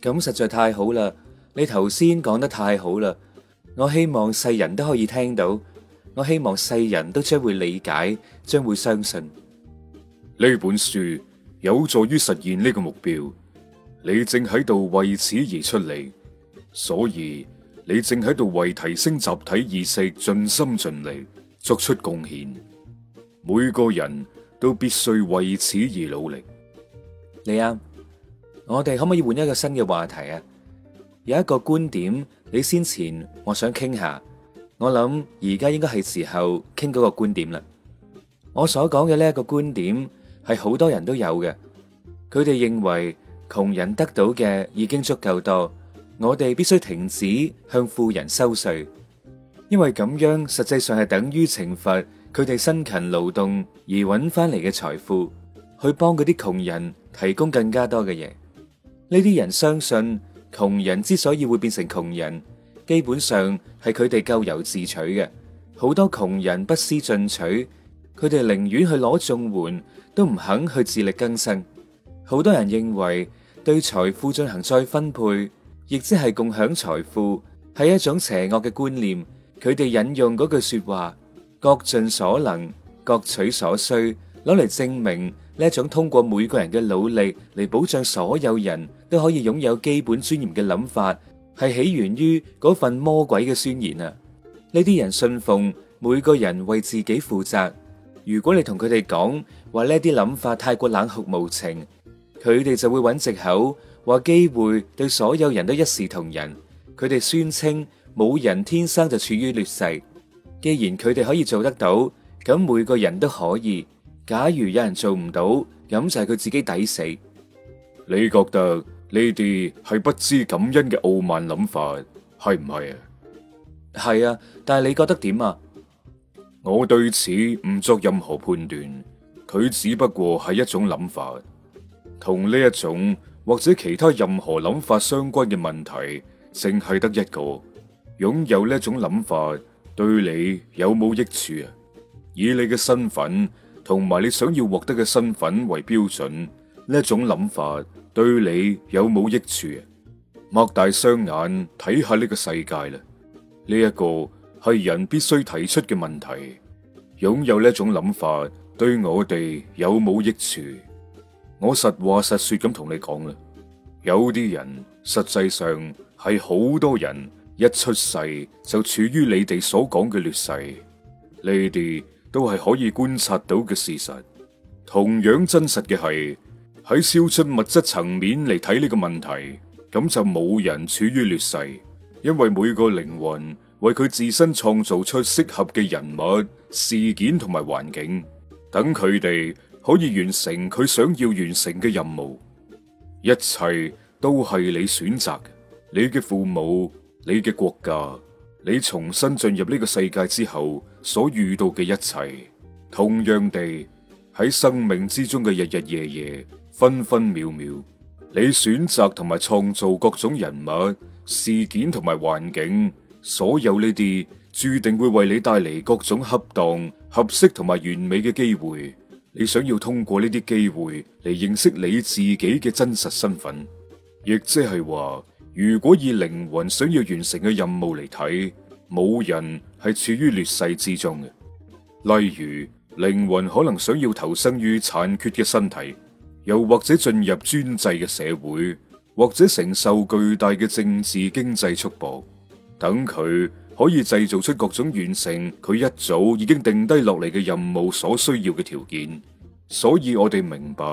咁實在太好啦！你頭先講得太好啦！我希望世人都可以聽到，我希望世人都將會理解，將會相信呢本書有助於實現呢個目標。你正喺度為此而出嚟，所以你正喺度為提升集體意識盡心盡力作出貢獻。每個人都必須為此而努力。你啊！我哋可唔可以換一個新嘅話題啊？有一個觀點，你先前我想傾下，我諗而家應該係時候傾嗰個觀點啦。我所講嘅呢一個觀點係好多人都有嘅，佢哋認為窮人得到嘅已經足夠多，我哋必須停止向富人收稅，因為咁樣實際上係等於懲罰佢哋辛勤勞動而搵翻嚟嘅財富，去幫嗰啲窮人提供更加多嘅嘢。呢啲人相信窮人之所以會變成窮人，基本上係佢哋咎由自取嘅。好多窮人不思進取，佢哋寧願去攞綜援，都唔肯去自力更生。好多人認為對財富進行再分配，亦即係共享財富，係一種邪惡嘅觀念。佢哋引用嗰句說話：各盡所能，各取所需，攞嚟證明。呢一種通過每個人嘅努力嚟，保障所有人都可以擁有基本尊嚴嘅諗法，係起源於嗰份魔鬼嘅宣言啊！呢啲人信奉每個人為自己負責。如果你同佢哋講話呢啲諗法太過冷酷無情，佢哋就會揾藉口話機會對所有人都一視同仁。佢哋宣稱冇人天生就處於劣勢。既然佢哋可以做得到，咁每個人都可以。假如有人做唔到，噉就係佢自己抵死。你覺得呢啲係不知感恩嘅傲慢諗法，係唔係啊？係啊，但係你覺得點啊？我對此唔作任何判斷，佢只不過係一種諗法，同呢一種或者其他任何諗法相關嘅問題，淨係得一個。擁有呢一種諗法對你有冇益處啊？以你嘅身份。同埋你想要獲得嘅身份為標準，呢一種諗法對你有冇益處？擘大雙眼睇下呢個世界啦，呢一個係人必須提出嘅問題。擁有呢一種諗法對我哋有冇益處？我實話實說咁同你講啦，有啲人實際上係好多人一出世就處於你哋所講嘅劣勢，你哋。都係可以觀察到嘅事實，同樣真實嘅係喺超出物質層面嚟睇呢個問題，咁就冇人處於劣勢，因為每個靈魂為佢自身創造出適合嘅人物、事件同埋環境，等佢哋可以完成佢想要完成嘅任務。一切都係你選擇，你嘅父母、你嘅國家，你重新進入呢個世界之後。所遇到嘅一切，同樣地，喺生命之中嘅日日夜夜、分分秒秒，你選擇同埋創造各種人物、事件同埋環境，所有呢啲注定會為你帶嚟各種恰當、合適同埋完美嘅機會。你想要通過呢啲機會嚟認識你自己嘅真實身份，亦即係話，如果以靈魂想要完成嘅任務嚟睇。冇人係處於劣勢之中嘅，例如靈魂可能想要投生於殘缺嘅身體，又或者進入專制嘅社會，或者承受巨大嘅政治經濟束縛，等佢可以製造出各種完成佢一早已經定低落嚟嘅任務所需要嘅條件。所以我哋明白，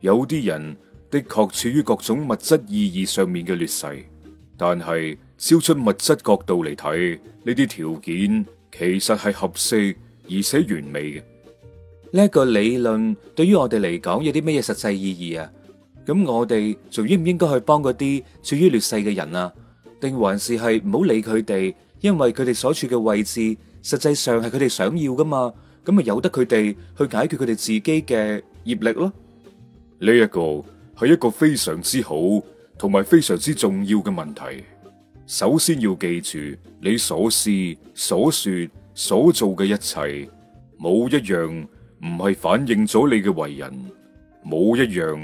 有啲人的確處於各種物質意義上面嘅劣勢。但係，超出物質角度嚟睇，呢啲條件其實係合適而且完美嘅。呢一個理論對於我哋嚟講有啲咩嘢實際意義啊？咁我哋仲應唔應該去幫嗰啲處於劣勢嘅人啊？定還是係唔好理佢哋，因為佢哋所處嘅位置實際上係佢哋想要噶嘛？咁咪由得佢哋去解決佢哋自己嘅業力咯。呢一個係一個非常之好。同埋非常之重要嘅問題，首先要記住你所思、所說、所做嘅一切，冇一樣唔係反映咗你嘅為人，冇一樣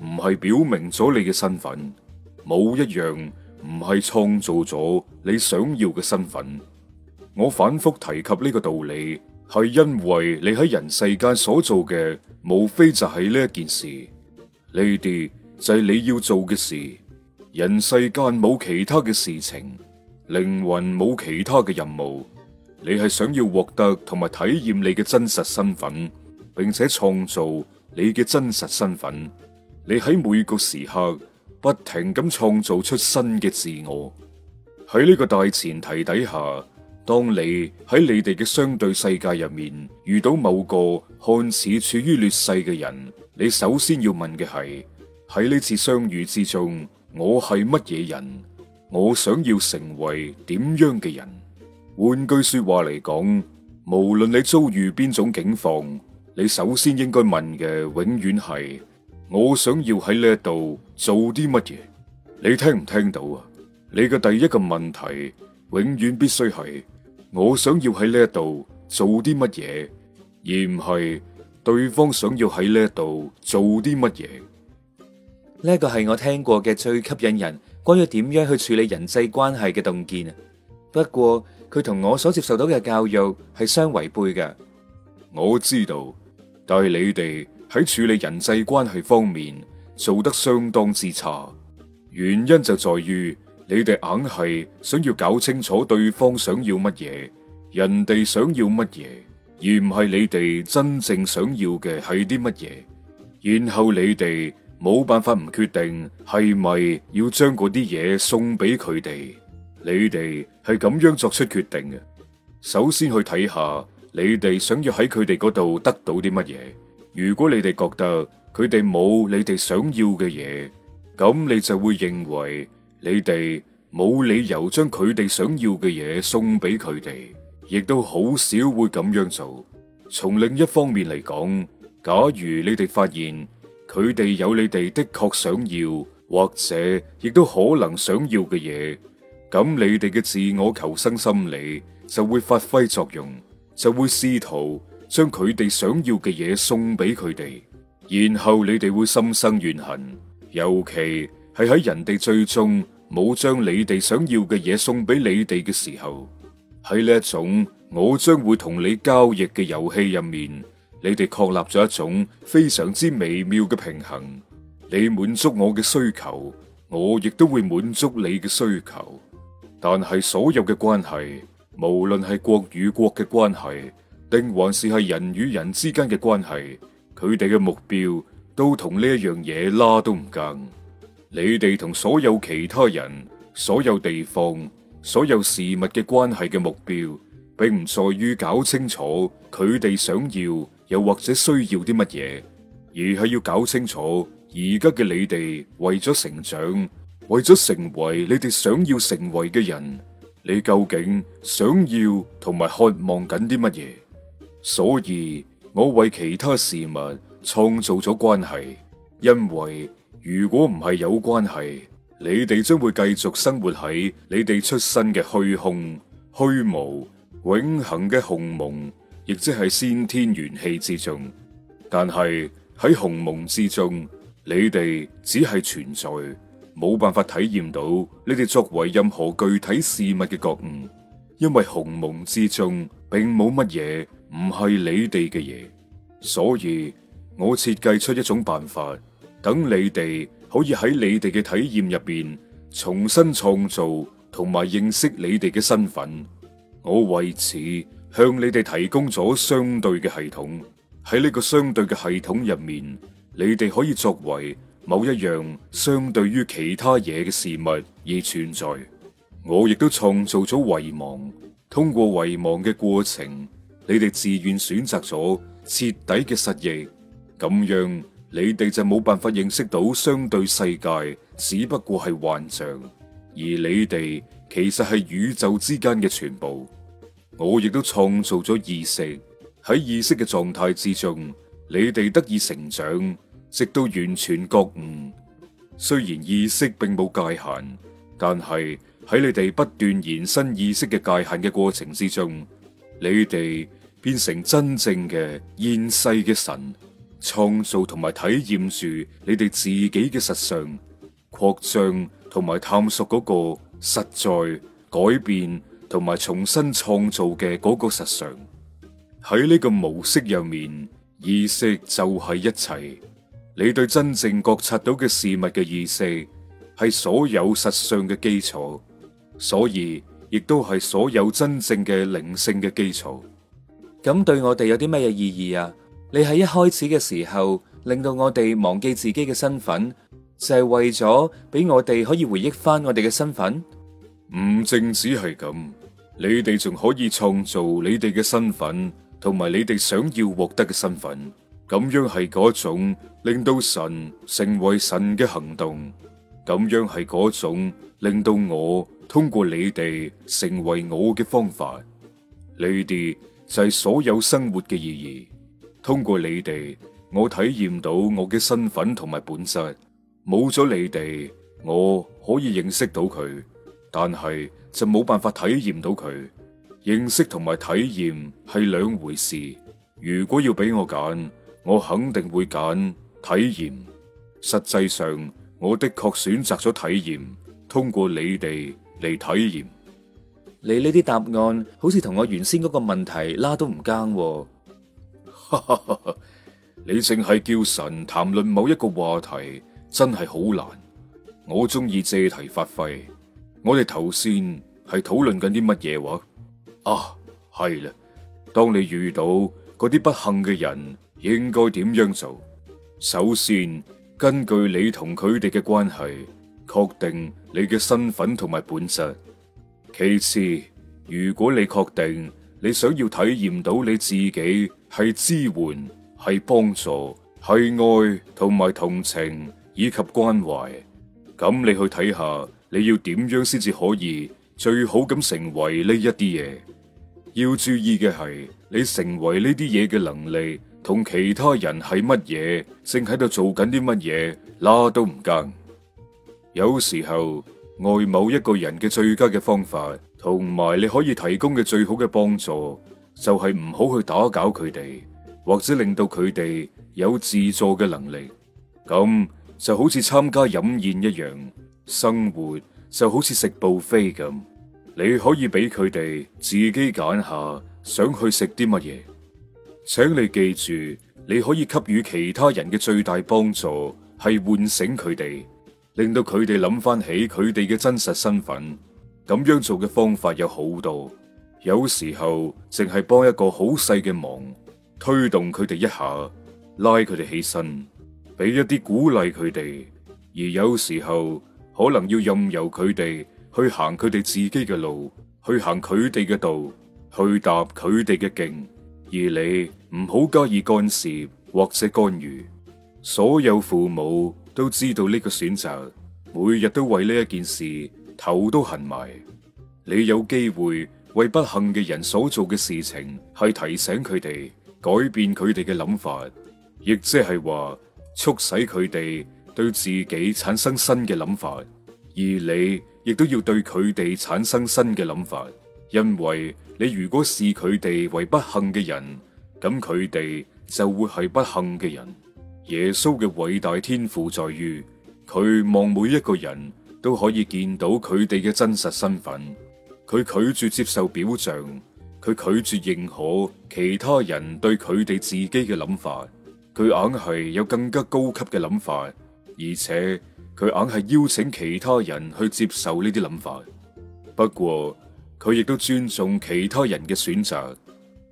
唔係表明咗你嘅身份，冇一樣唔係創造咗你想要嘅身份。我反覆提及呢個道理，係因為你喺人世間所做嘅，無非就係呢一件事，呢啲就係你要做嘅事。人世間冇其他嘅事情，靈魂冇其他嘅任務。你係想要獲得同埋體驗你嘅真實身份，並且創造你嘅真實身份。你喺每個時刻不停咁創造出新嘅自我。喺呢個大前提底下，當你喺你哋嘅相對世界入面遇到某個看似處於劣勢嘅人，你首先要問嘅係：喺呢次相遇之中。我係乜嘢人？我想要成為點樣嘅人？換句說話嚟講，無論你遭遇邊種境況，你首先應該問嘅永遠係：我想要喺呢一度做啲乜嘢？你聽唔聽到啊？你嘅第一個問題永遠必須係：我想要喺呢一度做啲乜嘢，而唔係對方想要喺呢一度做啲乜嘢。呢個係我聽過嘅最吸引人關於點樣去處理人際關係嘅洞見。不過佢同我所接受到嘅教育係相違背嘅。我知道，但係你哋喺處理人際關係方面做得相當之差。原因就在於你哋硬係想要搞清楚對方想要乜嘢，人哋想要乜嘢，而唔係你哋真正想要嘅係啲乜嘢。然後你哋。冇辦法唔決定係咪要將嗰啲嘢送俾佢哋？你哋係咁樣作出決定嘅。首先去睇下你哋想要喺佢哋嗰度得到啲乜嘢。如果你哋覺得佢哋冇你哋想要嘅嘢，咁你就會認為你哋冇理由將佢哋想要嘅嘢送俾佢哋，亦都好少會咁樣做。從另一方面嚟講，假如你哋發現，佢哋有你哋的確想要，或者亦都可能想要嘅嘢，咁你哋嘅自我求生心理就會發揮作用，就會試圖將佢哋想要嘅嘢送俾佢哋，然後你哋會心生怨恨，尤其係喺人哋最終冇將你哋想要嘅嘢送俾你哋嘅時候，喺呢一種我將會同你交易嘅遊戲入面。你哋確立咗一種非常之微妙嘅平衡，你滿足我嘅需求，我亦都會滿足你嘅需求。但係所有嘅關係，無論係國與國嘅關係，定還是係人與人之間嘅關係，佢哋嘅目標都同呢一樣嘢拉都唔近。你哋同所有其他人、所有地方、所有事物嘅關係嘅目標，並唔在於搞清楚佢哋想要，又或者需要啲乜嘢，而係要搞清楚而家嘅你哋為咗成長，為咗成為你哋想要成為嘅人，你究竟想要同埋渴望緊啲乜嘢？所以我為其他事物創造咗關係，因為如果唔係有關係，你哋將會繼續生活喺你哋出身嘅虛空、虛無、永恆嘅鴻蒙。亦即係先天元氣之中，但係喺鴻蒙之中，你哋只係存在，冇辦法體驗到你哋作為任何具體事物嘅覺悟，因為鴻蒙之中並冇乜嘢唔係你哋嘅嘢，所以我設計出一種辦法，等你哋可以喺你哋嘅體驗入邊重新創造同埋認識你哋嘅身份，我為此。向你哋提供咗相對嘅系統，喺呢個相對嘅系統入面，你哋可以作為某一樣相對於其他嘢嘅事物而存在。我亦都創造咗遺忘，通過遺忘嘅過程，你哋自願選擇咗徹底嘅失憶，咁樣你哋就冇辦法認識到相對世界，只不過係幻象，而你哋其實係宇宙之間嘅全部。我亦都創造咗意識，喺意識嘅狀態之中，你哋得以成長，直到完全覺悟。雖然意識並冇界限，但係喺你哋不斷延伸意識嘅界限嘅過程之中，你哋變成真正嘅現世嘅神，創造同埋體驗住你哋自己嘅實相，擴張同埋探索嗰個實在改變同埋重新創造嘅嗰個實相。喺呢個模式入面，意識就係一切。你對真正覺察到嘅事物嘅意識係所有實相嘅基礎，所以亦都係所有真正嘅靈性嘅基礎。咁對我哋有啲咩嘢意義啊？你喺一開始嘅時候令到我哋忘記自己嘅身份，就係為咗俾我哋可以回憶翻我哋嘅身份。唔淨止係咁，你哋仲可以創造你哋嘅身份，同埋你哋想要獲得嘅身份。咁樣係嗰種令到神成為神嘅行動。咁樣係嗰種令到我通過你哋成為我嘅方法。你哋就係所有生活嘅意義。通過你哋，我體驗到我嘅身份同埋本質。冇咗你哋，我可以認識到佢。但係就冇辦法體驗到佢，認識同埋體驗係兩回事。如果要俾我揀，我肯定會揀體驗。實際上，我的確選擇咗體驗，通過你哋嚟體驗。你呢啲答案好似同我原先嗰個問題拉都唔埋喎。 你淨係叫神談論某一個話題，真係好難。我中意借題發揮。我哋頭先係討論緊啲乜嘢話啊？係啦，當你遇到嗰啲不幸嘅人，應該點樣做？首先，根據你同佢哋嘅關係，確定你嘅身份同埋本質。其次，如果你確定你想要體驗到你自己係支援、係幫助、係愛同埋同情以及關懷，咁你去睇下。你要點樣先至可以最好咁成為呢一啲嘢？要注意嘅係你成為呢啲嘢嘅能力同其他人係乜嘢、正喺度做緊啲乜嘢，拉都唔更。有時候愛某一個人嘅最佳嘅方法，同埋你可以提供嘅最好嘅幫助，就係唔好去打攪佢哋，或者令到佢哋有自助嘅能力。咁就好似參加飲宴一樣。生活就好似食布菲咁，你可以俾佢哋自己揀下想去食啲乜嘢。請你記住，你可以給予其他人嘅最大幫助係喚醒佢哋，令到佢哋諗翻起佢哋嘅真實身份。咁樣做嘅方法有好多，有時候淨係幫一個好細嘅忙，推動佢哋一下，拉佢哋起身，俾一啲鼓勵佢哋，而有時候。可能要任由佢哋去行佢哋自己嘅路，去行佢哋嘅道，去踏佢哋嘅徑，而你唔好加以干涉或者干預。所有父母都知道呢個選擇，每日都為呢一件事頭都痕埋。你有機會為不幸嘅人所做嘅事情，係提醒佢哋改變佢哋嘅諗法，亦即係話促使佢哋。對自己產生新嘅諗法，而你亦都要對佢哋產生新嘅諗法，因為你如果視佢哋為不幸嘅人，咁佢哋就會係不幸嘅人。耶穌嘅偉大天賦在於佢望每一個人都可以見到佢哋嘅真實身份，佢拒絕接受表象，佢拒絕認可其他人對佢哋自己嘅諗法，佢硬係有更加高級嘅諗法。而且佢硬係邀請其他人去接受呢啲諗法，不過佢亦都尊重其他人嘅選擇，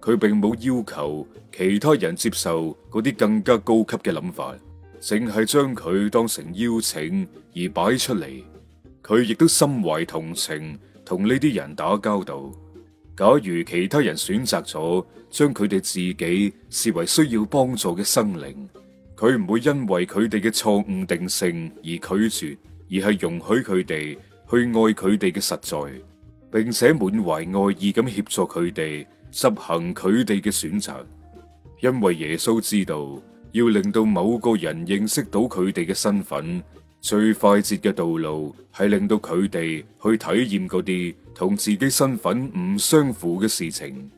佢並冇要求其他人接受嗰啲更加高級嘅諗法，淨係將佢當成邀請而擺出嚟。佢亦都心懷同情同呢啲人打交道。假如其他人選擇咗將佢哋自己視為需要幫助嘅生靈。佢唔會因為佢哋嘅錯誤定性而拒絕，而係容許佢哋去愛佢哋嘅實在，並且滿懷愛意咁協助佢哋執行佢哋嘅選擇。因為耶穌知道，要令到某個人認識到佢哋嘅身份，最快捷嘅道路係令到佢哋去體驗嗰啲同自己身份唔相符嘅事情。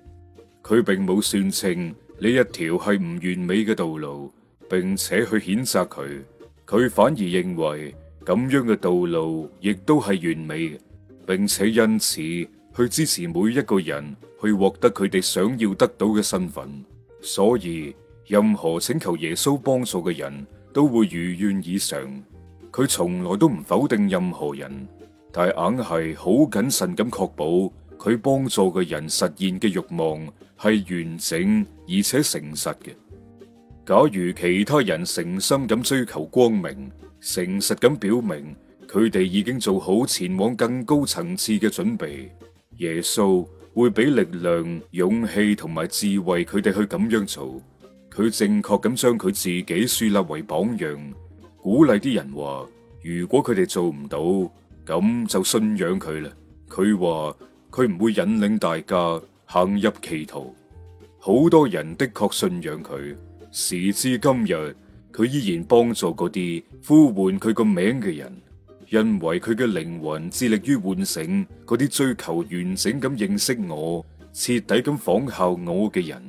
佢並冇算稱呢一條係唔完美嘅道路。並且去譴責佢，佢反而認為咁樣嘅道路亦都係完美嘅，並且因此去支持每一個人去獲得佢哋想要得到嘅身份。所以任何請求耶穌幫助嘅人都會如願以償。佢從來都唔否定任何人,但硬係好謹慎咁確保佢幫助嘅人實現嘅慾望係完整而且誠實嘅。假如其他人誠心咁追求光明，誠實咁表明佢哋已經做好前往更高層次嘅準備，耶穌會俾力量、勇氣同埋智慧佢哋去咁樣做。佢正確咁將佢自己樹立為榜樣，鼓勵啲人話：如果佢哋做唔到，咁就信仰佢啦。佢話佢唔會引領大家行入歧途。好多人的確信仰佢。時至今日，佢依然幫助嗰啲呼喚佢個名嘅人，因為佢嘅靈魂致力於喚醒嗰啲追求完整咁認識我、徹底咁仿效我嘅人。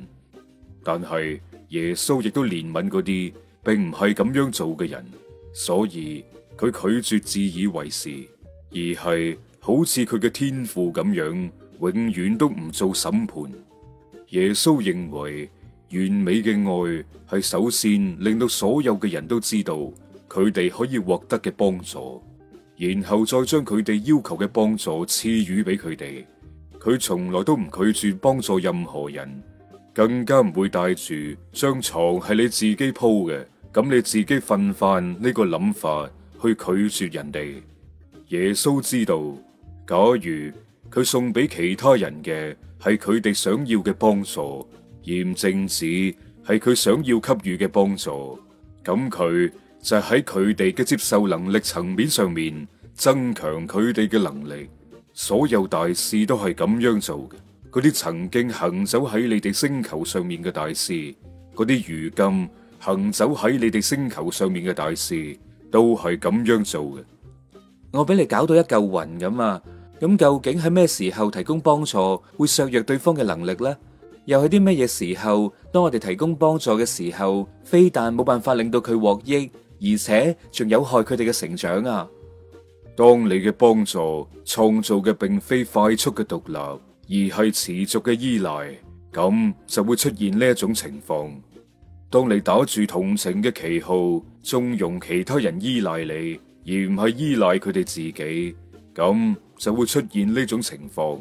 但係耶穌亦都憐憫嗰啲並唔係咁樣做嘅人，所以佢拒絕自以為是，而係好似佢嘅天父咁樣，永遠都唔做審判。耶穌認為。完美嘅愛係首先令到所有嘅人都知道佢哋可以獲得嘅幫助，然後再將佢哋要求嘅幫助賜予俾佢哋。佢從來都唔拒絕幫助任何人，更加唔會帶住張床係你自己鋪嘅，咁你自己瞓返呢個諗法去拒絕人哋。耶穌知道，假如佢送俾其他人嘅係佢哋想要嘅幫助。驗證子係佢想要給予嘅幫助，咁佢就喺佢哋嘅接受能力層面上面增強佢哋嘅能力。所有大師都係咁樣做嘅。嗰啲曾經行走喺你哋星球上面嘅大師，嗰啲如今行走喺你哋星球上面嘅大師，都係咁樣做嘅。我俾你搞到一嚿雲咁啊！咁究竟喺咩時候提供幫助會削弱對方嘅能力呢？又係啲乜嘢時候？當我哋提供幫助嘅時候，非但冇辦法令到佢獲益，而且仲有害佢哋嘅成長啊！當你嘅幫助創造嘅並非快速嘅獨立，而係持續嘅依賴，咁就會出現呢一種情況。當你打住同情嘅旗號，縱容其他人依賴你，而唔係依賴佢哋自己，咁就會出現呢種情況。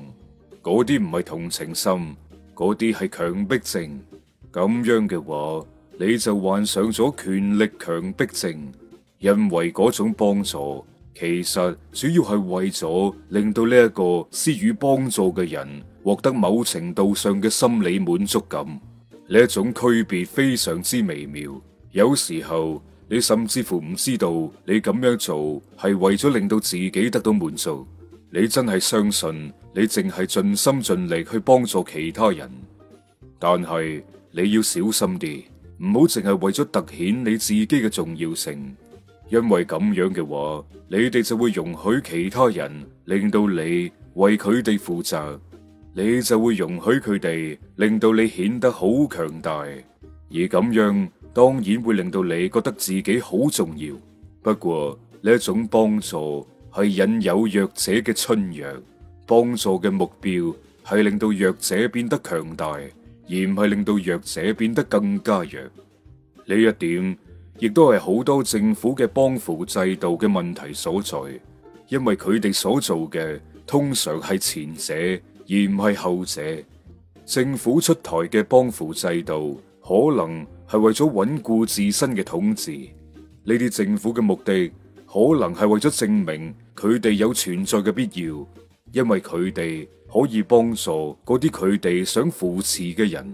嗰啲唔係同情心。嗰啲係強迫症，咁樣嘅話，你就患上咗權力強迫症。因為嗰種幫助，其實主要係為咗令到呢一個施予幫助嘅人獲得某程度上嘅心理滿足感。呢一種區別非常之微妙，有時候你甚至乎唔知道你咁樣做係為咗令到自己得到滿足。你真係相信？你淨係盡心盡力去幫助其他人，但係你要小心啲，唔好淨係為咗凸顯你自己嘅重要性，因為咁樣嘅話，你哋就會容許其他人，令到你為佢哋負責，你就會容許佢哋，令到你顯得好強大，而咁樣當然會令到你覺得自己好重要。不過呢種幫助係引誘弱者嘅春藥。幫助嘅目標係令到弱者變得強大，而唔係令到弱者變得更加弱。呢一點亦都係好多政府嘅幫扶制度嘅問題所在，因為佢哋所做嘅通常係前者，而唔係後者。政府出台嘅幫扶制度，可能係為咗穩固自身嘅統治。呢啲政府嘅目的，可能係為咗證明佢哋有存在嘅必要。因為佢哋可以幫助嗰啲佢哋想扶持嘅人，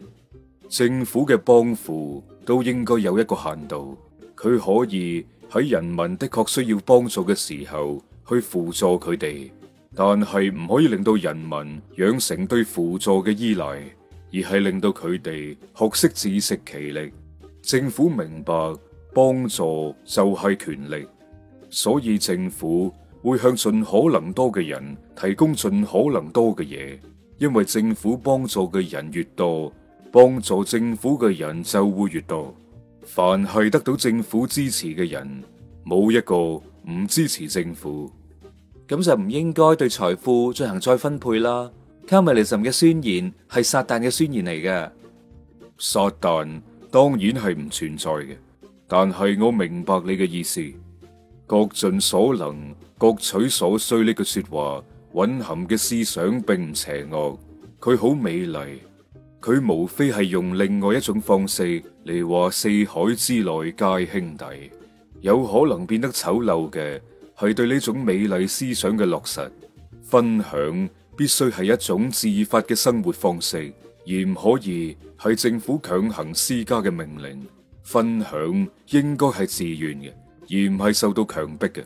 政府嘅幫扶都應該有一個限度。佢可以喺人民的確需要幫助嘅時候去輔助佢哋，但係唔可以令到人民養成對輔助嘅依賴，而係令到佢哋學識自食其力。政府明白，幫助就係權力，所以政府，會向盡可能多嘅人提供盡可能多嘅嘢，因為政府幫助嘅人越多，幫助政府嘅人就會越多。凡係得到政府支持嘅人，冇一個唔支持政府。咁就唔應該對財富進行再分配啦。卡米尼什嘅宣言係撒旦嘅宣言嚟嘅。撒旦當然係唔存在嘅，但係我明白你嘅意思，各盡所能。各取所需呢句、這個、說話，蘊含嘅思想並唔邪惡，佢好美麗。佢無非係用另外一種方式嚟話四海之內皆兄弟。有可能變得醜陋嘅係對呢種美麗思想嘅落實。分享必須係一種自發嘅生活方式，而唔可以係政府強行施加嘅命令。分享應該係自願嘅，而唔係受到強迫嘅。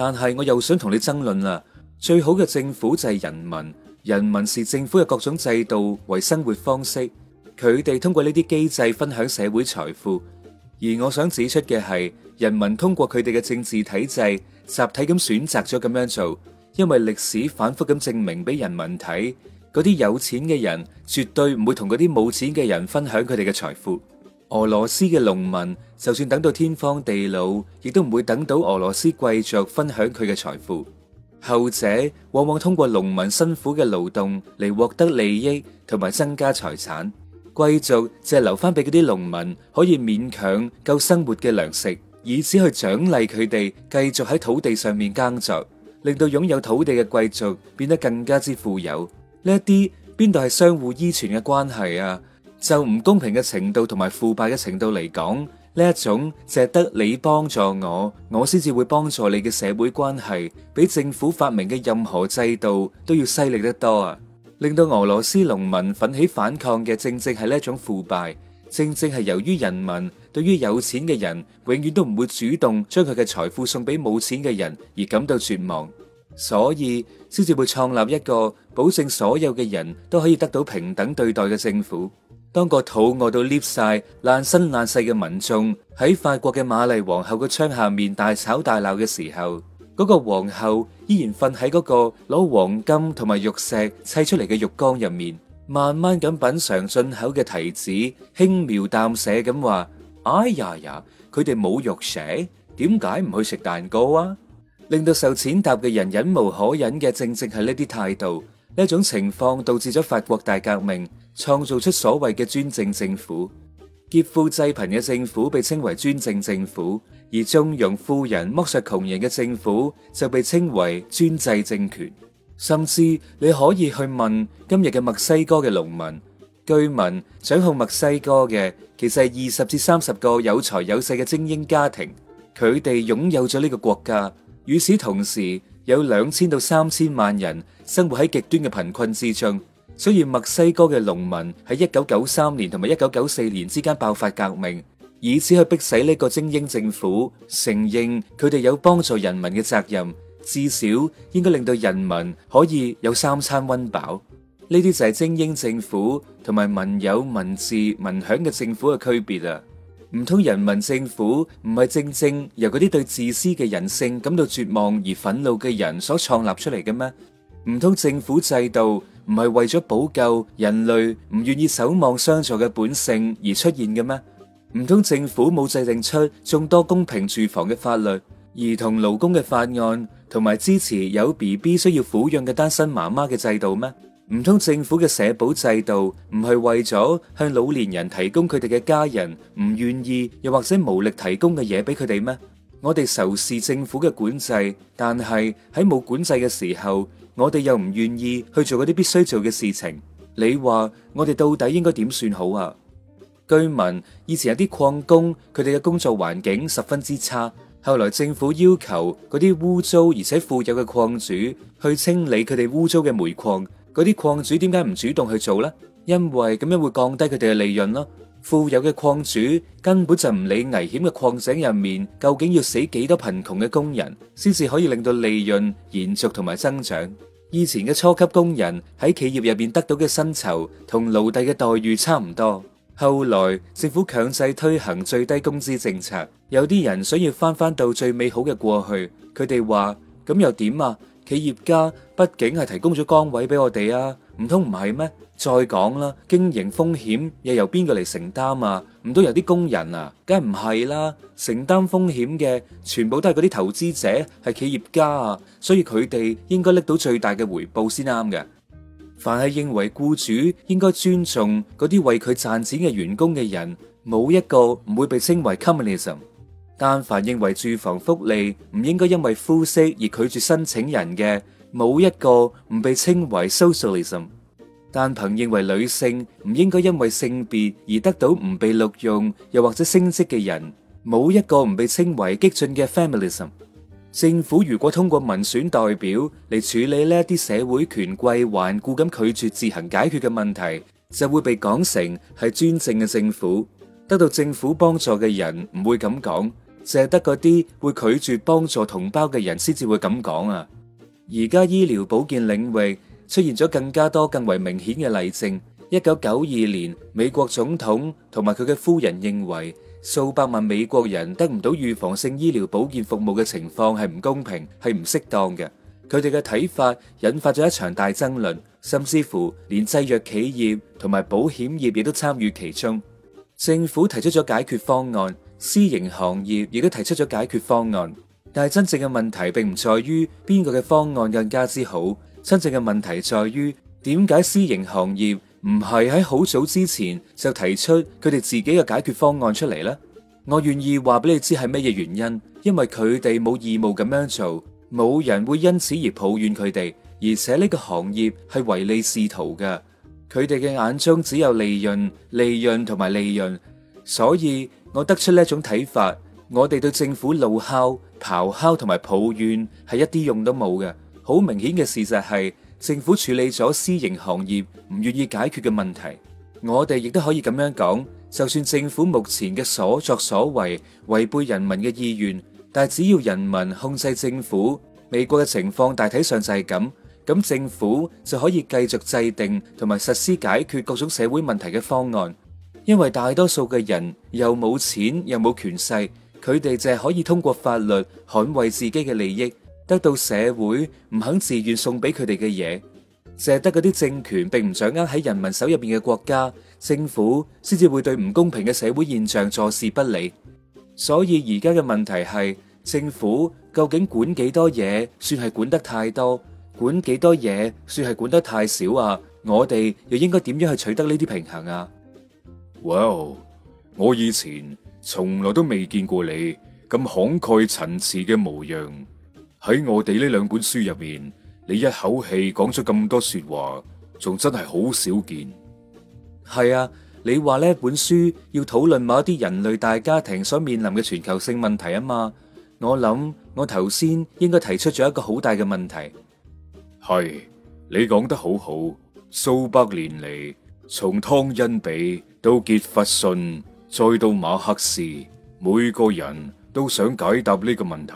但係我又想同你爭論啦，最好嘅政府就係人民，人民視政府嘅各種制度為生活方式，佢哋通過呢啲機制分享社會財富。而我想指出嘅係，人民通過佢哋嘅政治體制，集體咁選擇咗咁樣做，因為歷史反覆咁證明俾人民睇，嗰啲有錢嘅人絕對唔會同嗰啲冇錢嘅人分享佢哋嘅財富。俄羅斯嘅農民就算等到天荒地老，亦都唔會等到俄羅斯貴族分享佢嘅財富。後者往往通過農民辛苦嘅勞動嚟獲得利益同埋增加財產，貴族只係留翻俾嗰啲農民可以勉強夠生活嘅糧食，以至去獎勵佢哋繼續喺土地上面耕作，令到擁有土地嘅貴族變得更加之富有。呢一啲邊度係相互依存嘅關係啊？就唔公平嘅程度同埋腐敗嘅程度嚟講，呢一種值得你幫助我，我先至會幫助你嘅社會關係，比政府發明嘅任何制度都要犀利得多啊！令到俄羅斯農民奮起反抗嘅，正正係呢一種腐敗，正正係由於人民對於有錢嘅人永遠都唔會主動將佢嘅財富送俾冇錢嘅人而感到絕望，所以先至會創立一個保證所有嘅人都可以得到平等對待嘅政府。當個肚餓到裂晒、爛身爛世嘅民眾喺法國嘅瑪麗皇后嘅窗下面大吵大鬧嘅時候，嗰、那個皇后依然瞓喺嗰個攞黃金同埋玉石砌出嚟嘅浴缸入面，慢慢咁品嘗進口嘅提子，輕描淡寫咁話：哎呀呀，佢哋冇玉石，點解唔去食蛋糕啊？令到受踐踏嘅人忍無可忍嘅，正正係呢啲態度。呢一種情況導致咗法國大革命，創造出所謂嘅專政政府，劫富濟貧嘅政府被稱為專政政府，而縱容富人剝削窮人嘅政府就被稱為專制政權。甚至你可以去問今日嘅墨西哥嘅農民，據聞，掌控墨西哥嘅其實係二十至三十個有財有勢嘅精英家庭，佢哋擁有咗呢個國家。與此同時有，有兩千到三千萬人。生活喺極端嘅貧困之中，所以墨西哥嘅農民喺一九九三年同埋一九九四年之間爆發革命，以此去迫使呢個精英政府承認佢哋有幫助人民嘅責任，至少應該令到人民可以有三餐溫飽。呢啲就係精英政府同埋民有、民治、民享嘅政府嘅區別啦。唔通人民政府唔係正正由嗰啲對自私嘅人性感到絕望而憤怒嘅人所創立出嚟嘅咩？唔通政府制度唔係為咗補救人類唔願意守望相助嘅本性而出現嘅咩？唔通政府冇制定出眾多公平住房嘅法律，兒童勞工嘅法案，同埋支持有 B B 需要撫養嘅單身媽媽嘅制度咩？唔通政府嘅社保制度唔係為咗向老年人提供佢哋嘅家人唔願意又或者無力提供嘅嘢俾佢哋咩？我哋仇視政府嘅管制，但係喺冇管制嘅時候。我哋又唔願意去做嗰啲必須做嘅事情，你話我哋到底應該點算好啊？據聞以前有啲礦工，佢哋嘅工作環境十分之差。後來政府要求嗰啲污糟而且富有嘅礦主去清理佢哋污糟嘅煤礦，嗰啲礦主點解唔主動去做呢？因為咁樣會降低佢哋嘅利潤咯。富有嘅礦主根本就唔理危險嘅礦井入面究竟要死幾多貧窮嘅工人，先至可以令到利潤延續同埋增長。以前嘅初級工人喺企業入面得到嘅薪酬同奴隸嘅待遇差唔多。後來政府強制推行最低工資政策，有啲人想要返返到最美好嘅過去。佢哋話：咁又點啊？企業家畢竟係提供咗崗位俾我哋啊，唔通唔係咩？再講啦，經營風險又由邊個嚟承擔啊？唔都有啲工人啊？梗係唔係啦！承擔風險嘅全部都係嗰啲投資者，係企業家啊！所以佢哋應該拎到最大嘅回報先啱嘅。凡係認為僱主應該尊重嗰啲為佢賺錢嘅員工嘅人，冇一個唔會被稱為 communism。但凡認為住房福利唔應該因為膚色而拒絕申請人嘅，冇一個唔被稱為 socialism。但憑認為女性唔應該因為性別而得到唔被錄用又或者升職嘅人，冇一個唔被稱為激進嘅 feminism。政府如果通過民選代表嚟處理呢一啲社會權貴頑固咁拒絕自行解決嘅問題，就會被講成係專政嘅政府。得到政府幫助嘅人唔會咁講，淨係得嗰啲會拒絕幫助同胞嘅人先至會咁講啊！而家醫療保健領域。出現咗更加多、更為明顯嘅例證。一九九二年，美國總統同埋佢嘅夫人認為，數百萬美國人得唔到預防性醫療保健服務嘅情況係唔公平，係唔適當嘅。佢哋嘅睇法引發咗一場大爭論，甚至乎連製藥企業同埋保險業亦都參與其中。政府提出咗解決方案，私營行業亦都提出咗解決方案，但係真正嘅問題並唔在於邊個嘅方案更加之好。真正嘅問題在於點解私營行業唔係喺好早之前就提出佢哋自己嘅解決方案出嚟呢？我願意話俾你知係乜嘢原因，因為佢哋冇義務咁樣做，冇人會因此而抱怨佢哋，而且呢個行業係唯利是圖嘅，佢哋嘅眼中只有利潤、利潤同埋利潤，所以我得出呢一種睇法：我哋對政府怒敲、咆哮同埋抱怨係一啲用都冇嘅。好明顯嘅事實係，政府處理咗私營行業唔願意解決嘅問題。我哋亦都可以咁樣講，就算政府目前嘅所作所為違背人民嘅意願，但只要人民控制政府，美國嘅情況大體上就係咁。咁政府就可以繼續制定同埋實施解決各種社會問題嘅方案，因為大多數嘅人又冇錢又冇權勢，佢哋就係可以通過法律捍衛自己嘅利益。得到社會唔肯自願送俾佢哋嘅嘢，淨係得嗰啲政權並唔掌握喺人民手入邊嘅國家政府，先至會對唔公平嘅社會現象坐視不理。所以而家嘅問題係，政府究竟管幾多嘢算係管得太多，管幾多嘢算係管得太少啊？我哋又應該點樣去取得呢啲平衡啊？哇！我以前從來都未見過你咁慷慨陳詞嘅模樣。喺我哋呢兩本書入面，你一口氣講咗咁多說話，仲真係好少見。係啊，你話呢本書要討論某一啲人類大家庭所面臨嘅全球性問題啊嘛？我諗我頭先應該提出咗一個好大嘅問題。係啊，你講得好好，數百年嚟，從湯恩比到傑弗遜，再到馬克思，每個人都想解答呢個問題。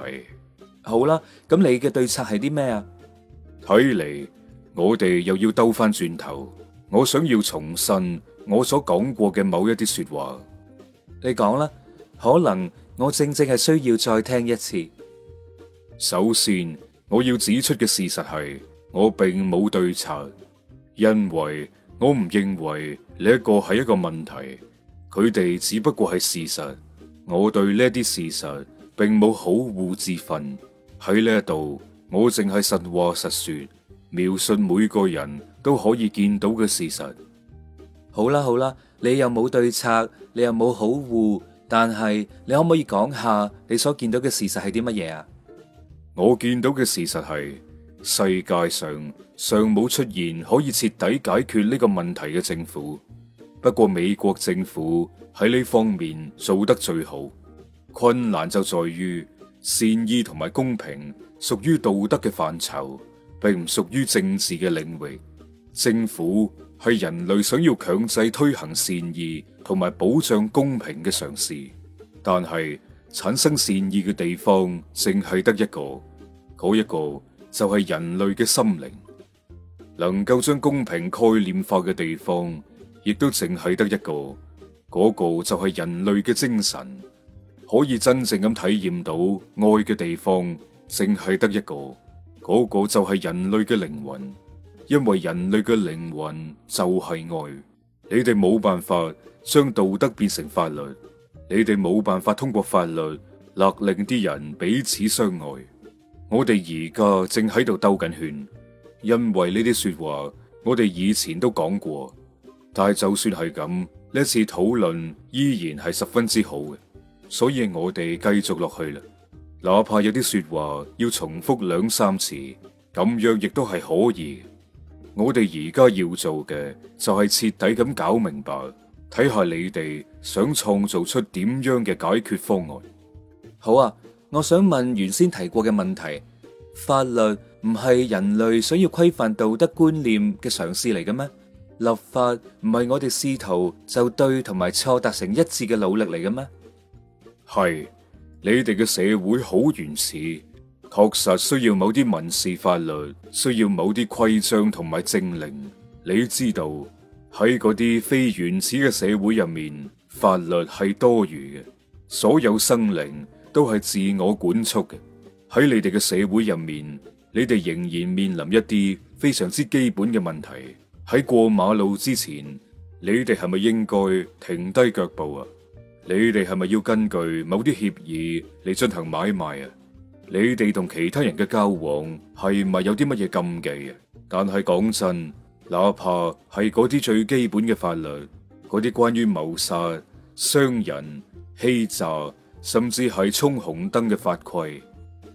好啦，咁你嘅對策係啲咩啊？睇嚟我哋又要兜翻轉頭，我想要重申我所講過嘅某一啲說話。你講啦，可能我正正係需要再聽一次。首先，我要指出嘅事實係，我並冇對策，因為我唔認為呢一個係一個問題，佢哋只不過係事實。我對呢啲事實並冇好壞之分。喺呢一度，我淨係實話實說，描述每個人都可以見到嘅事實。好啦好啦，你又冇對策，你又冇好護，但係你可唔可以講下你所見到嘅事實係啲乜嘢啊？我見到嘅事實係世界上尚冇出現可以徹底解決呢個問題嘅政府。不過美國政府喺呢方面做得最好。困難就在於。善意同埋公平屬於道德嘅範疇，並唔屬於政治嘅領域。政府係人類想要強制推行善意同埋保障公平嘅嘗試，但係產生善意嘅地方淨係得一個，嗰一個就係人類嘅心靈。能夠將公平概念化嘅地方，亦都淨係得一個，嗰個就係人類嘅精神。可以真正咁體驗到愛嘅地方，淨係得一個，嗰個就係人類嘅靈魂。因為人類嘅靈魂就係愛。你哋冇辦法將道德變成法律，你哋冇辦法通過法律勒令啲人彼此相愛。我哋而家正喺度兜緊圈，因為呢啲說話我哋以前都講過，但係就算係咁，呢次討論依然係十分之好嘅。所以我哋繼續落去啦，哪怕有啲說話要重複兩三次，咁樣亦都係可以。我哋而家要做嘅就係徹底咁搞明白，睇下你哋想創造出點樣嘅解決方案。好啊，我想問原先提過嘅問題：法律唔係人類想要規範道德觀念嘅嘗試嚟嘅咩？立法唔係我哋試圖就對同埋錯達成一致嘅努力嚟嘅咩？係你哋嘅社會好原始，確實需要某啲民事法律，需要某啲規章同埋政令。你知道喺嗰啲非原始嘅社會入面，法律係多餘嘅，所有生靈都係自我管束嘅。喺你哋嘅社會入面，你哋仍然面臨一啲非常之基本嘅問題。喺過馬路之前，你哋係咪應該停低腳步啊？你哋係咪要根據某啲協議嚟進行買賣啊？你哋同其他人嘅交往係咪有啲乜嘢禁忌啊？但係講真，哪怕係嗰啲最基本嘅法律，嗰啲關於謀殺、傷人、欺詐，甚至係衝紅燈嘅法規，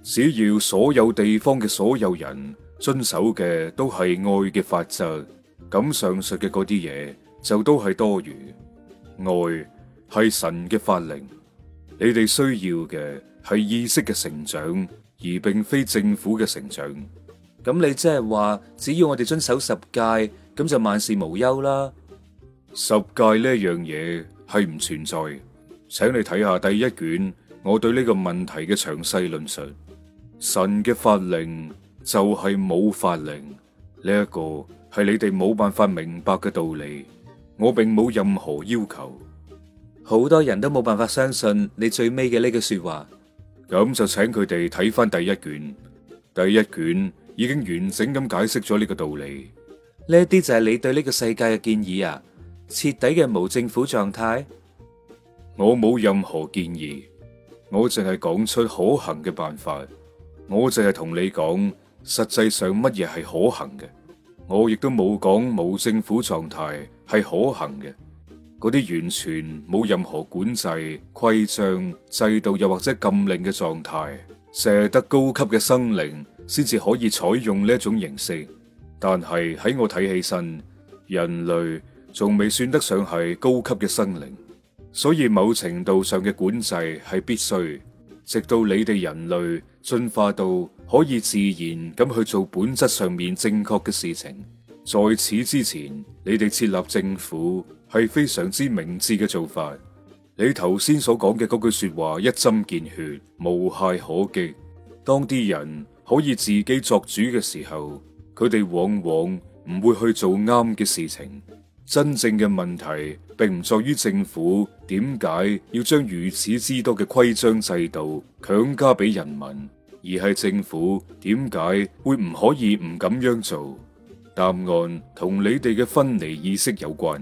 只要所有地方嘅所有人遵守嘅都係愛嘅法則，咁上述嘅嗰啲嘢就都係多餘。愛。係神嘅法令，你哋需要嘅係意識嘅成長，而並非政府嘅成長。咁你即係話，只要我哋遵守十戒，咁就萬事無憂啦。十戒呢一樣嘢係唔存在，請你睇下第一卷我對呢個問題嘅詳細論述。神嘅法令就係冇法令，呢一個係你哋冇辦法明白嘅道理。我並冇任何要求。好多人都冇辦法相信你最尾嘅呢句說話，咁就請佢哋睇翻第一卷。第一卷已經完整咁解釋咗呢個道理。呢一啲就係你對呢個世界嘅建議啊！徹底嘅無政府狀態，我冇任何建議，我淨係講出可行嘅辦法。我淨係同你講，實際上乜嘢係可行嘅。我亦都冇講無政府狀態係可行嘅。嗰啲完全冇任何管制、規章、制度，又或者禁令嘅狀態，射得高級嘅生靈先至可以採用呢種形式。但係喺我睇起身，人類仲未算得上係高級嘅生靈，所以某程度上嘅管制係必須。直到你哋人類進化到可以自然咁去做本質上面正確嘅事情，在此之前，你哋設立政府，係非常之明智嘅做法。你頭先所講嘅嗰句說話一針見血，無懈可擊。當啲人可以自己作主嘅時候，佢哋往往唔會去做啱嘅事情。真正嘅問題並唔在於政府點解要將如此之多嘅規章制度強加俾人民，而係政府點解會唔可以唔咁樣做？答案同你哋嘅分離意識有關。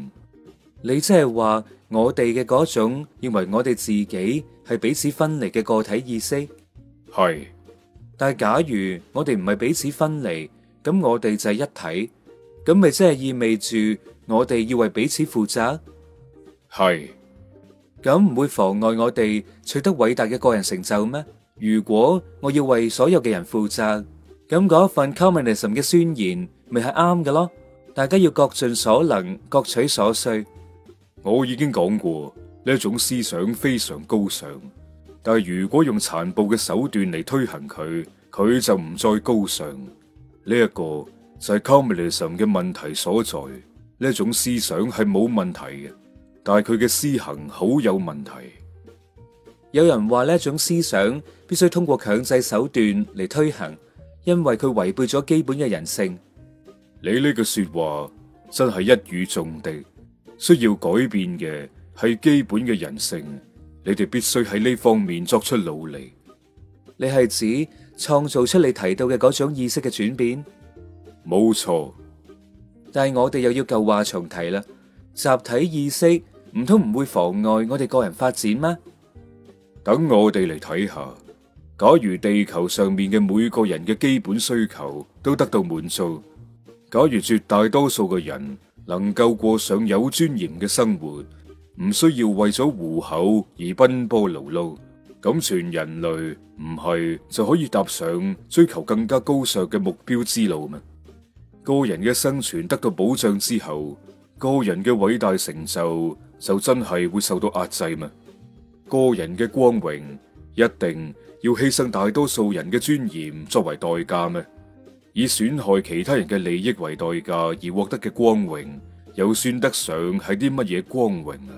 你即係話，我哋嘅嗰種認為我哋自己係彼此分離嘅個體意識，係。但係假如我哋唔係彼此分離，咁我哋就係一體，咁咪真係意味住我哋要為彼此負責？係。咁唔會妨礙我哋取得偉大嘅個人成就咩？如果我要為所有嘅人負責，咁嗰份 communism 嘅宣言咪係啱嘅咯？大家要各盡所能，各取所需。我已經講過，呢一種思想非常高尚，但係如果用殘暴嘅手段嚟推行佢，佢就唔再高尚。呢一個就係 communism 嘅問題所在。呢一種思想係冇問題嘅，但係佢嘅施行好有問題。有人話呢一種思想必須通過強制手段嚟推行，因為佢違背咗基本嘅人性。你呢句說話真係一語中的。需要改變嘅係基本嘅人性，你哋必須喺呢方面作出努力。你係指創造出你提到嘅嗰種意識嘅轉變？冇錯錯，但係我哋又要舊話重提啦。集體意識唔通唔會妨礙我哋個人發展嗎？等我哋嚟睇下，假如地球上面嘅每個人嘅基本需求都得到滿足，假如絕大多數嘅人。能夠過上有尊嚴嘅生活，唔需要為咗糊口而奔波勞碌，咁全人類唔係就可以踏上追求更加高尚嘅目標之路咩？個人嘅生存得到保障之後，個人嘅偉大成就就真係會受到壓制咩？個人嘅光榮一定要犧牲大多數人嘅尊嚴作為代價咩？以損害其他人嘅利益為代價而獲得嘅光榮，又算得上係啲乜嘢光榮啊？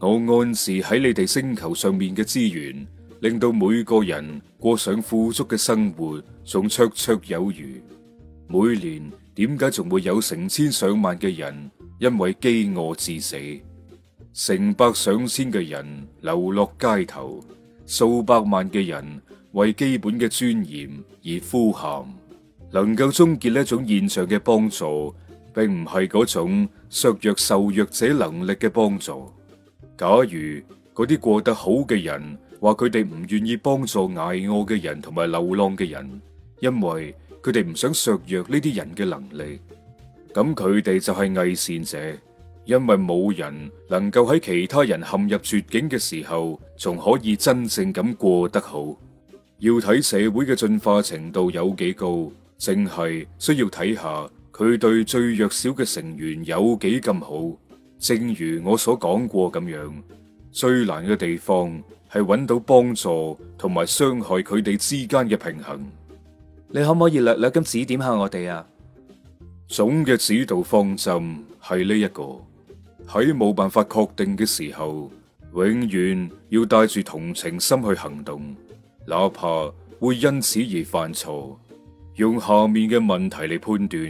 我按時喺你哋星球上面嘅資源，令到每個人過上富足嘅生活，仲綽綽有餘。每年點解仲會有成千上萬嘅人因為飢餓致死，成百上千嘅人流落街頭，數百萬嘅人為基本嘅尊嚴而呼喊。能夠終結呢一種現象嘅幫助，並唔係嗰種削弱受弱者能力嘅幫助。假如嗰啲過得好嘅人話，佢哋唔願意幫助挨餓嘅人同埋流浪嘅人，因為佢哋唔想削弱呢啲人嘅能力，咁佢哋就係偽善者。因為冇人能夠喺其他人陷入絕境嘅時候，仲可以真正咁過得好。要睇社會嘅進化程度有幾高。淨係需要睇下佢對最弱小嘅成員有幾咁好。正如我所講過咁樣，最難嘅地方係揾到幫助同埋傷害佢哋之間嘅平衡。你可唔可以略略咁指點下我哋啊？總嘅指導方針係呢一個，喺冇辦法確定嘅時候，永遠要帶住同情心去行動，哪怕會因此而犯錯。用下面嘅問題嚟判斷，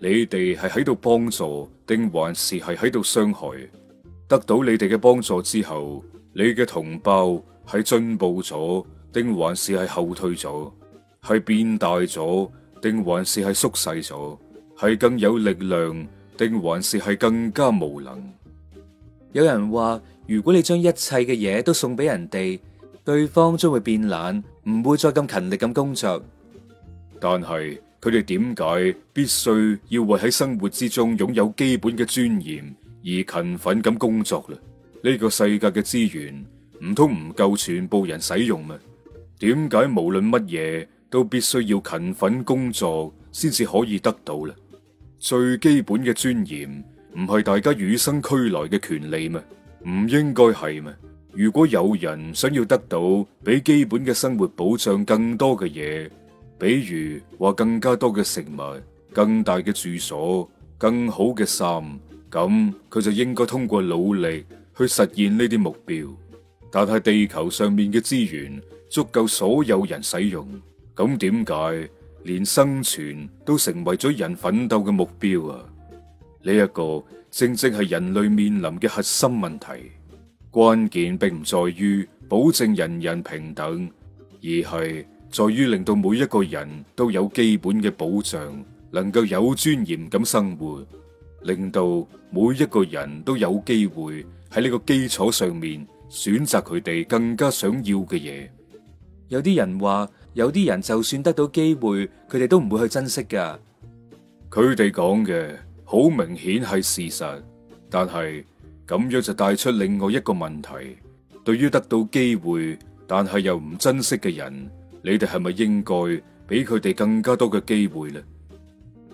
你哋係喺度幫助，定還是係喺度傷害？得到你哋嘅幫助之後，你嘅同胞係進步咗，定還是係後退咗？係變大咗，定還是係縮細咗？係更有力量，定還是係更加無能？有人話，如果你將一切嘅嘢都送俾人哋，對方將會變懶，唔會再咁勤力咁工作。但係佢哋點解必須要為喺生活之中擁有基本嘅尊嚴而勤奮咁工作咧？呢個世界嘅資源唔通唔夠全部人使用咩？點解無論乜嘢都必須要勤奮工作先至可以得到咧？最基本嘅尊嚴唔係大家與生俱來嘅權利咩？唔應該係咩？如果有人想要得到比基本嘅生活保障更多嘅嘢，比如話更加多嘅食物、更大嘅住所、更好嘅衫，咁佢就應該通過努力去實現呢啲目標。但係地球上面嘅資源足夠所有人使用，咁點解連生存都成為咗人奮鬥嘅目標啊？呢一個正正係人類面臨嘅核心問題。關鍵並唔在於保證人人平等，而係，在於令到每一個人都有基本嘅保障，能夠有尊嚴咁生活，令到每一個人都有機會喺呢個基礎上面選擇佢哋更加想要嘅嘢。有啲人話，有啲人就算得到機會，佢哋都唔會去珍惜㗎。佢哋講嘅好明顯係事實，但係咁樣就帶出另外一個問題，對於得到機會，但係又唔珍惜嘅人。你哋係咪應該俾佢哋更加多嘅機會咧？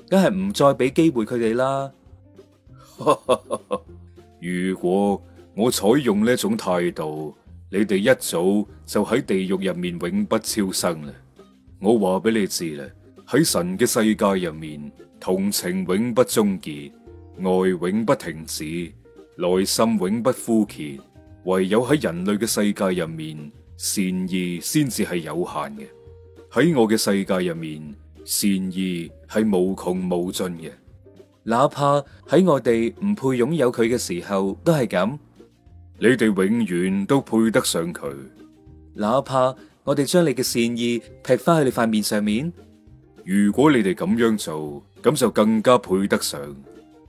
梗係唔再俾機會佢哋啦。 如果我採用呢種態度，你哋一早就喺地獄入面永不超生啦。我話俾你知啦，喺神嘅世界入面，同情永不終結，愛永不停止，內心永不枯竭。唯有喺人類嘅世界入面。善意先至係有限嘅，喺我嘅世界入面，善意係無窮無盡嘅。哪怕喺我哋唔配擁有佢嘅時候，都係咁。你哋永遠都配得上佢。哪怕我哋將你嘅善意劈翻喺你塊面上面，如果你哋咁樣做，咁就更加配得上。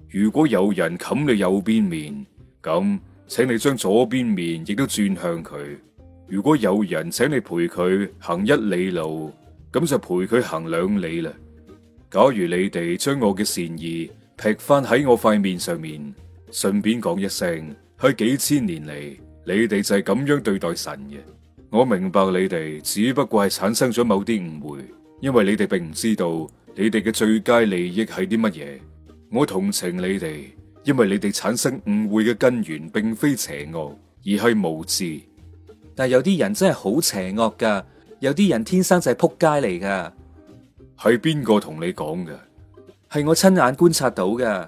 如果有人冚你右邊面，咁請你將左邊面亦都轉向佢。如果有人請你陪佢行一里路，咁就陪佢行兩里啦。假如你哋將我嘅善意劈翻喺我塊面上面，順便講一聲，喺幾千年嚟，你哋就係咁樣對待神嘅。我明白你哋只不過係產生咗某啲誤會，因為你哋並唔知道你哋嘅最佳利益係啲乜嘢。我同情你哋，因為你哋產生誤會嘅根源並非邪惡，而係無知。但有啲人真係好邪惡噶，有啲人天生就係撲街嚟噶。係邊個同你講嘅？係我親眼觀察到噶。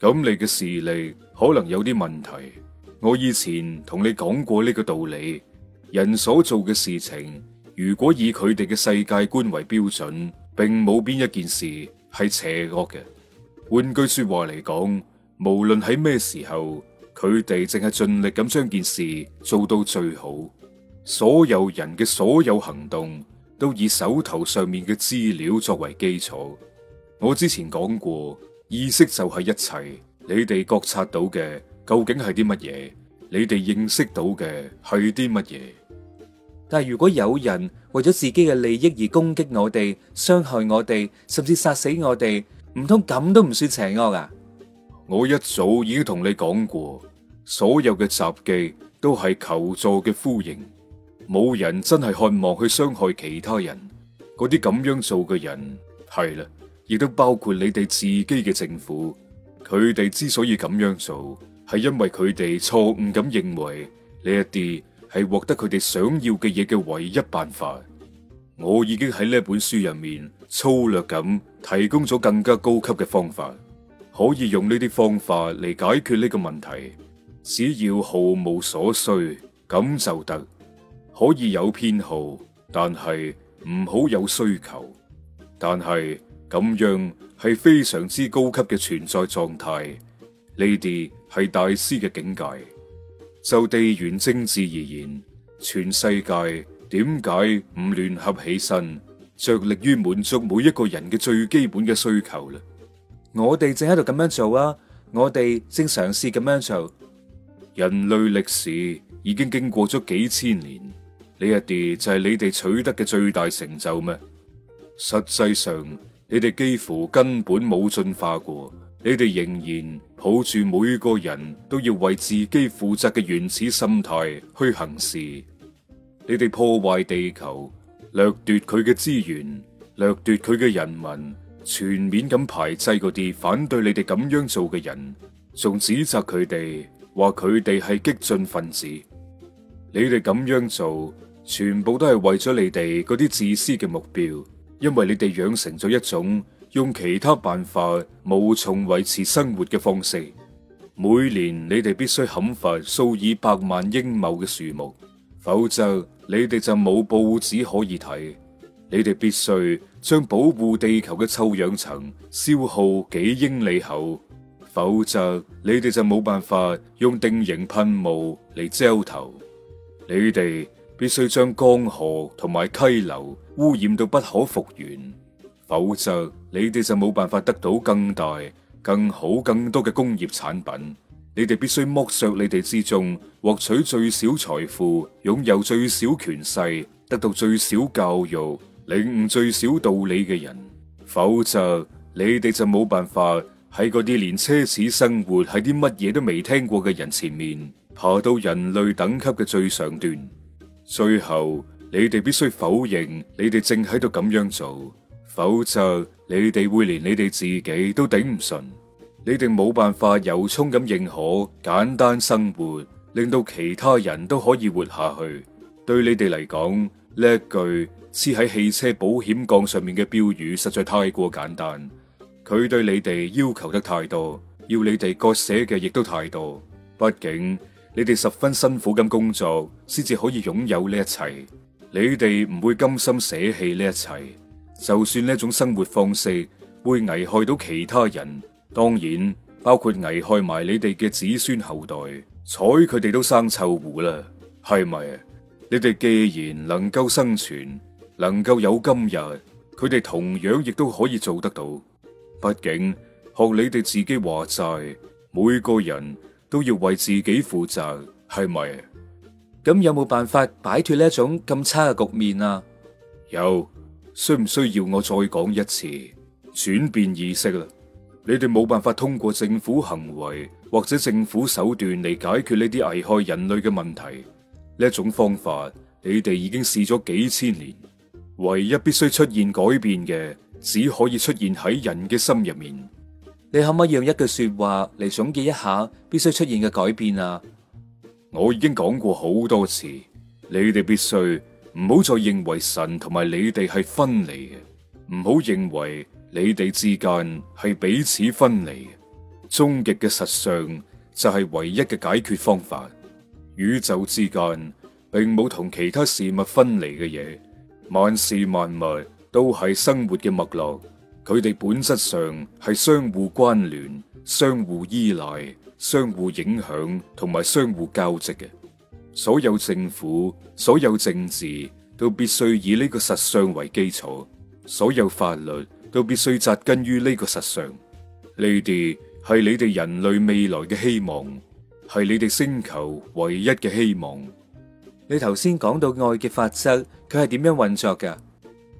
咁你嘅視力可能有啲問題。我以前同你講過呢個道理：人所做嘅事情，如果以佢哋嘅世界觀為標準，並冇邊一件事係邪惡嘅。換句說話嚟講，無論喺咩時候。佢哋淨係盡力咁將件事做到最好，所有人嘅所有行動都以手頭上面嘅資料作為基礎。我之前講過，意識就係一切。你哋覺察到嘅究竟係啲乜嘢？你哋認識到嘅係啲乜嘢？但係如果有人為咗自己嘅利益而攻擊我哋、傷害我哋，甚至殺死我哋，唔通咁都唔算邪惡啊？我一早已經同你講過，所有嘅雜技都係求助嘅呼應，冇人真係渴望去傷害其他人。嗰啲咁樣做嘅人，係啦，亦都包括你哋自己嘅政府。佢哋之所以咁樣做，係因為佢哋錯誤咁認為呢一啲係獲得佢哋想要嘅嘢嘅唯一辦法。我已經喺呢本書入面粗略咁提供咗更加高級嘅方法。可以用呢啲方法嚟解決呢個問題，只要毫無所需咁就得，可以有偏好，但係唔好有需求。但係咁樣係非常之高級嘅存在狀態，呢啲係大師嘅境界。就地緣政治而言，全世界點解唔聯合起身，着力於滿足每一個人嘅最基本嘅需求呢？.我哋正喺度咁樣做啊！我哋正嘗試咁樣做。樣做，人類歷史已經經過咗幾千年，呢一啲就係你哋取得嘅最大成就咩？實際上，你哋幾乎根本冇進化過，你哋仍然抱住每個人都要為自己負責嘅原始心態去行事。你哋破壞地球，掠奪佢嘅資源，掠奪佢嘅人民。全面咁排擠嗰啲反對你哋咁樣做嘅人，仲指責佢哋話佢哋係激進分子。你哋咁樣做，全部都係為咗你哋嗰啲自私嘅目標，因為你哋養成咗一種用其他辦法無從維持生活嘅方式。每年你哋必須砍伐數以百萬英畝嘅樹木，否則你哋就冇報紙可以睇。你哋必須。將保護地球嘅臭氧層消耗幾英里厚，否則你哋就冇辦法用定型噴霧嚟澆頭。你哋必須將江河同埋溪流污染到不可復原，否則你哋就冇辦法得到更大、更好、更多嘅工業產品。你哋必須剝削你哋之中，獲取最少財富，擁有最少權勢，得到最少教育。領悟最少道理嘅人，否則你哋就冇辦法喺嗰啲連奢侈生活係啲乜嘢都未聽過嘅人前面爬到人類等級嘅最上端。最後，你哋必須否認你哋正喺度咁樣做，否則你哋會連你哋自己都頂唔順。你哋冇辦法由衷咁認可簡單生活，令到其他人都可以活下去。對你哋嚟講，呢一句。黐喺汽車保險槓上面嘅標語實在太過簡單，佢對你哋要求得太多，要你哋割捨嘅亦都太多。畢竟你哋十分辛苦咁工作，先至可以擁有呢一切。你哋唔會甘心捨棄呢一切，就算呢一種生活方式會危害到其他人，當然包括危害埋你哋嘅子孫後代，睬佢哋都生臭狐啦，係咪？你哋既然能夠生存，能夠有今日，佢哋同樣亦都可以做得到。畢竟學你哋自己話齋，每個人都要為自己負責，係咪？咁有冇辦法擺脫呢一種咁差嘅局面啊？有，需唔需要我再講一次？轉變意識啦！你哋冇辦法通過政府行為或者政府手段嚟解決呢啲危害人類嘅問題，呢一種方法，你哋已經試咗幾千年。唯一必須出現改變嘅，只可以出現喺人嘅心入面。你可唔可以用一句說話嚟總結一下必須出現嘅改變啊？我已經講過好多次，你哋必須唔好再認為神同埋你哋係分離嘅，唔好認為你哋之間係彼此分離。終極嘅實相就係唯一嘅解決方法。宇宙之間並冇同其他事物分離嘅嘢。萬事萬物都係生活嘅脈絡，佢哋本質上係相互關聯、相互依賴、相互影響同埋相互交織嘅。所有政府、所有政治都必須以呢個實相為基礎，所有法律都必須扎根於呢個實相。呢啲係你哋人類未來嘅希望，係你哋星球唯一嘅希望。你頭先講到愛嘅法則，佢係點樣運作噶？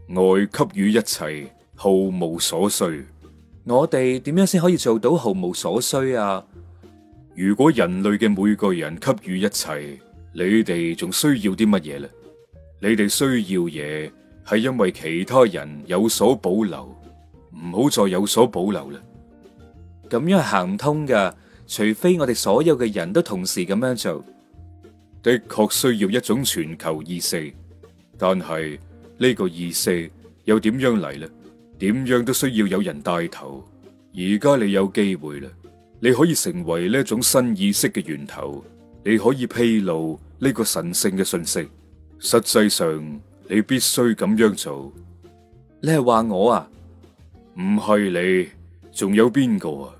愛給予一切，毫無所需。我哋點樣先可以做到毫無所需啊？如果人類嘅每個人給予一切，你哋仲需要啲乜嘢咧？你哋需要嘢係因為其他人有所保留，唔好再有所保留啦。咁樣行唔通噶，除非我哋所有嘅人都同時咁樣做。的確需要一種全球意識，但係呢個意識又點樣嚟？呢點樣都需要有人帶頭。而家你有機會啦，你可以成為呢一種新意識嘅源頭，你可以披露呢個神聖嘅信息。實際上，你必須咁樣做。你係話我啊？唔係你，仲有邊個啊？